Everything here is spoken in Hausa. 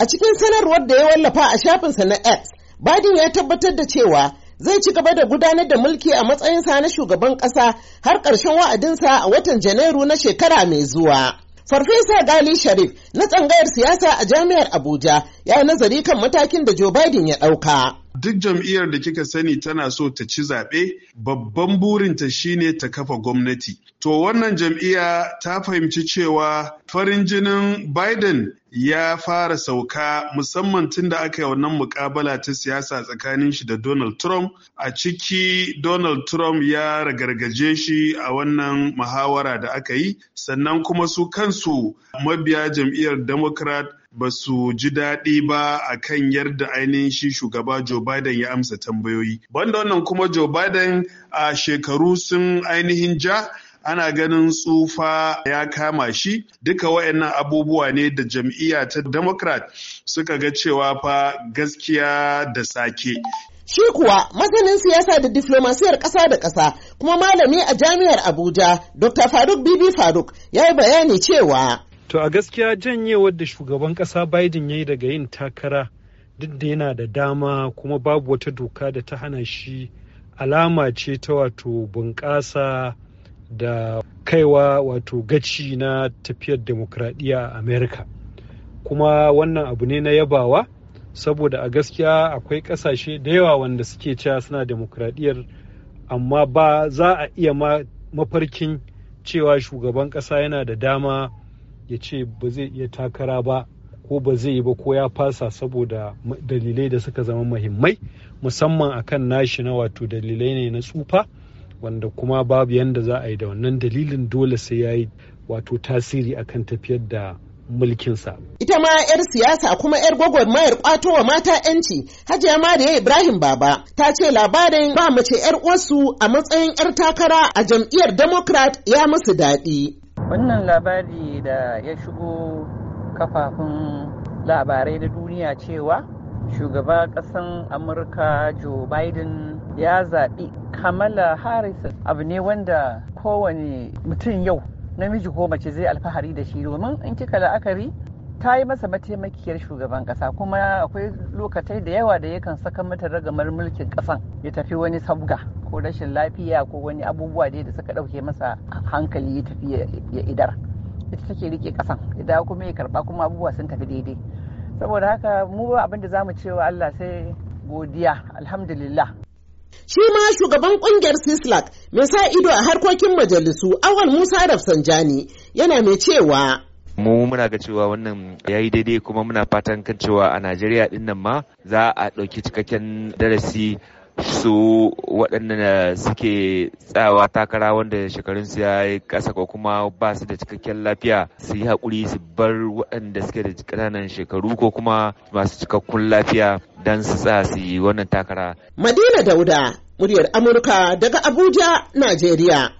A cikin sanarwar da ya wallafa a shafinsa na X, Biden ya tabbatar da cewa zai ci gaba da gudanar da mulki a matsayinsa na shugaban ƙasa har ƙarshen wa'adinsa a watan Janairu na shekara mai zuwa. Farfesa Gali Sharif na tsangayar siyasa a Jami'ar Abuja ya nazari kan matakin da Joe Biden ya ɗauka. duk jam'iyyar da kika sani tana so ta ci zaɓe babban burinta shine ta kafa gwamnati to wannan jam'iyya ta fahimci cewa farin jinin biden ya fara sauka musamman tun da aka yi wannan mukabala ta siyasa tsakanin shi da Donald Trump a ciki Donald Trump ya ragargaje shi a wannan muhawara da aka yi sannan kuma su kansu mabiya jam'iyyar Democrat ba su ji daɗi ba a kan yadda ainihin shi shugaba Joe Biden ya amsa tambayoyi. Banda wannan kuma Joe Biden a shekaru sun ainihin ja ana ganin tsufa ya kama shi duka wayannan abubuwa ne da jam'iyya ta democrat suka ga cewa fa gaskiya da sake Shi kuwa masanin siyasa da diflomasiyar ƙasa da ƙasa kuma malami a jami'ar Abuja, Dr. Faruk Bibi Faruk ya yi bayani cewa. To a gaskiya janyewar da shugaban kasa Biden ya yi daga yin takara duk da yana da dama kuma babu wata doka da ta hana shi alama ce ta wato bunƙasa da kaiwa wato gaci na tafiyar demokradiyya a Amerika. Kuma wannan abu ne na yabawa saboda a gaskiya akwai ƙasashe da yawa wanda suke cewa suna demokradiyyar amma ba za a iya mafarkin cewa shugaban ƙasa yana da dama. ya ce ba zai iya takara ba ko ba zai yi ba ko ya fasa saboda dalilai da suka zama muhimmai musamman akan nashi na wato dalilai ne na tsufa wanda kuma babu yadda za a yi da wannan dalilin dole sai ya yi wato tasiri akan tafiyar da mulkinsa. Ita ma 'yar siyasa kuma 'yar gwagwarmayar kwato wa mata 'yanci Hajiya ya Ibrahim Baba ta ce labarin ba mace 'yar uwarsu a matsayin 'yar takara a jam'iyyar Democrat ya musu daɗi. wannan labari da ya shigo kafafun labarai na duniya cewa shugaban ƙasan amurka joe biden ya zaɓi kamala harrison abu ne wanda kowane mutum yau namiji ko mace zai alfahari da shi domin in kika la'akari ta yi masa mataimakiyar shugaban kasa kuma akwai lokatai da yawa da yakan saka mata ragamar mulkin kasan ya tafi wani sabga ko rashin lafiya ko wani abubuwa dai da suka ɗauke masa hankali ya tafi ya idar ita take rike kasan idan kuma ya karba kuma abubuwa sun tafi daidai saboda haka mu ba abin da zamu cewa Allah sai godiya alhamdulillah Shi ma shugaban kungiyar Sislak mai sa ido a harkokin majalisu awal Musa Rafsanjani yana mai cewa mu muna ga cewa wannan ya yi daidai kuma muna fatan kan cewa a najeriya din ma za a ɗauki cikakken darasi su waɗanda suke tsawa takara wanda shekarunsu ya yi ƙasa ko kuma ba su da cikakken lafiya su yi haƙuri su bar waɗanda suke da ƙananan shekaru ko kuma masu cikakkun lafiya don su tsaya su yi wannan takara. Madina Dauda, muryar Amurka daga Abuja, Najeriya.